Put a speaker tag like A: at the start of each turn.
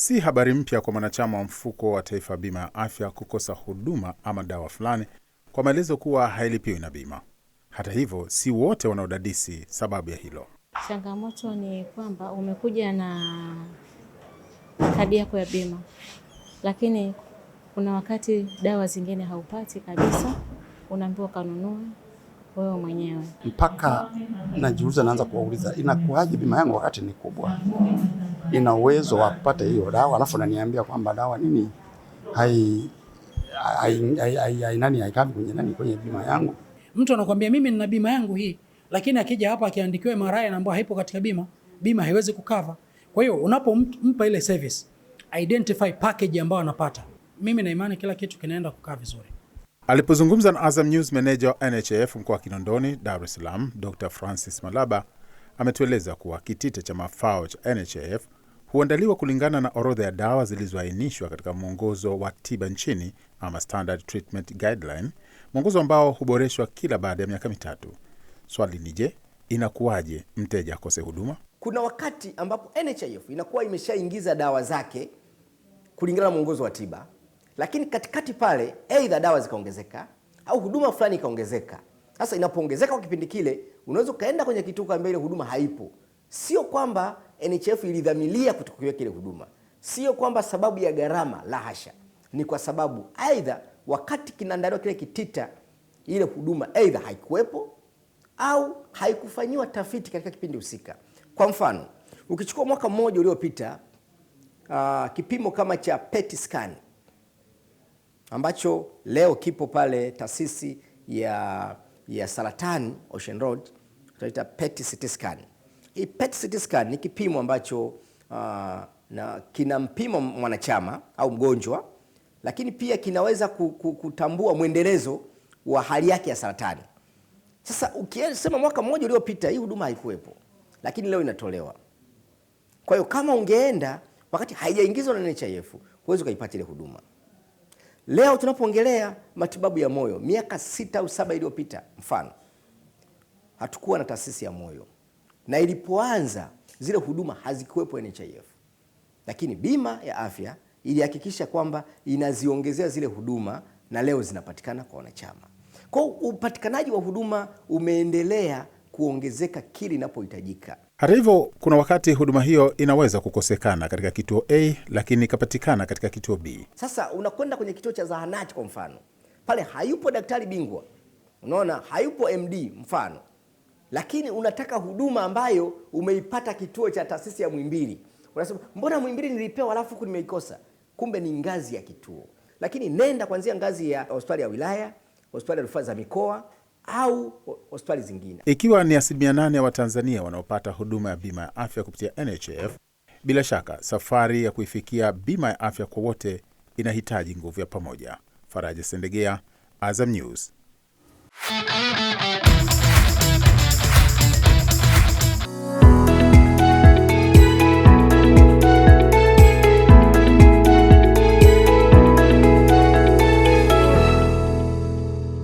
A: Si habari mpya kwa mwanachama wa mfuko wa taifa bima ya afya kukosa huduma ama dawa fulani kwa maelezo kuwa hailipiwi na bima. Hata hivyo, si wote wanaodadisi sababu ya hilo.
B: Changamoto ni kwamba umekuja na kadi yako ya bima, lakini kuna wakati dawa zingine haupati kabisa, unaambiwa kanunue wewe mwenyewe.
C: Mpaka najiuliza, naanza kuwauliza inakuaje bima yangu wakati ni kubwa, ina uwezo wa kupata hiyo dawa, alafu naniambia kwamba dawa nini hai nani haikavi kwenye nani kwenye bima yangu.
D: Mtu anakuambia mimi nina bima yangu hii, lakini akija hapa akiandikiwa MRI na haipo katika bima, bima haiwezi kukava. Kwa hiyo unapompa ile service, identify package ambayo anapata, mimi na imani kila kitu kinaenda kukaa vizuri.
A: Alipozungumza na Azam News, meneja wa NHIF mkoa wa Kinondoni, Dar es Salaam, Dr Francis Malaba ametueleza kuwa kitita cha mafao cha NHIF huandaliwa kulingana na orodha ya dawa zilizoainishwa katika mwongozo wa tiba nchini ama Standard Treatment Guideline, mwongozo ambao huboreshwa kila baada ya miaka mitatu. Swali ni je, inakuwaje mteja akose huduma?
E: Kuna wakati ambapo NHIF inakuwa imeshaingiza dawa zake kulingana na mwongozo wa tiba lakini katikati pale aidha dawa zikaongezeka au huduma fulani ikaongezeka. Sasa inapoongezeka kwa kipindi kile, unaweza ukaenda kwenye kituo kambia ile huduma haipo. Sio kwamba NHF ilidhamilia kutokuweka ile huduma, sio kwamba sababu ya gharama, la hasha. Ni kwa sababu aidha wakati kinaandaliwa kile kitita, ile huduma aidha haikuwepo au haikufanyiwa tafiti katika kipindi husika. Kwa mfano, ukichukua mwaka mmoja uliopita, uh, kipimo kama cha PET scan ambacho leo kipo pale taasisi ya, ya saratani Ocean Road, tunaita PET CT scan. Hii PET CT scan ni kipimo ambacho uh, na kina mpimo mwanachama au mgonjwa, lakini pia kinaweza kutambua mwendelezo wa hali yake ya saratani. Sasa ukisema mwaka mmoja uliopita hii huduma haikuwepo, lakini leo inatolewa. Kwa hiyo kama ungeenda wakati haijaingizwa na NHIF, huwezi ukaipata ile huduma. Leo tunapoongelea matibabu ya moyo, miaka sita au saba iliyopita mfano, hatukuwa na taasisi ya moyo, na ilipoanza zile huduma hazikuwepo NHIF, lakini bima ya afya ilihakikisha kwamba inaziongezea zile huduma na leo zinapatikana kwa wanachama. Kwa upatikanaji wa huduma umeendelea kuongezeka kili inapohitajika.
A: Hata hivyo, kuna wakati huduma hiyo inaweza kukosekana katika kituo A lakini ikapatikana katika kituo B.
E: Sasa unakwenda kwenye kituo cha zahanati kwa mfano, pale hayupo daktari bingwa, unaona hayupo MD mfano, lakini unataka huduma ambayo umeipata kituo cha taasisi ya Muhimbili. Unasema mbona Muhimbili nilipewa alafu huku nimeikosa? Kumbe ni ngazi ya kituo. Lakini nenda kuanzia ngazi ya hospitali ya wilaya, hospitali ya rufaa za mikoa au hospitali zingine.
A: Ikiwa ni asilimia nane ya Watanzania wanaopata huduma ya bima ya afya kupitia NHIF, bila shaka safari ya kuifikia bima ya afya kwa wote inahitaji nguvu ya pamoja. Faraja Sendegea, Azam News.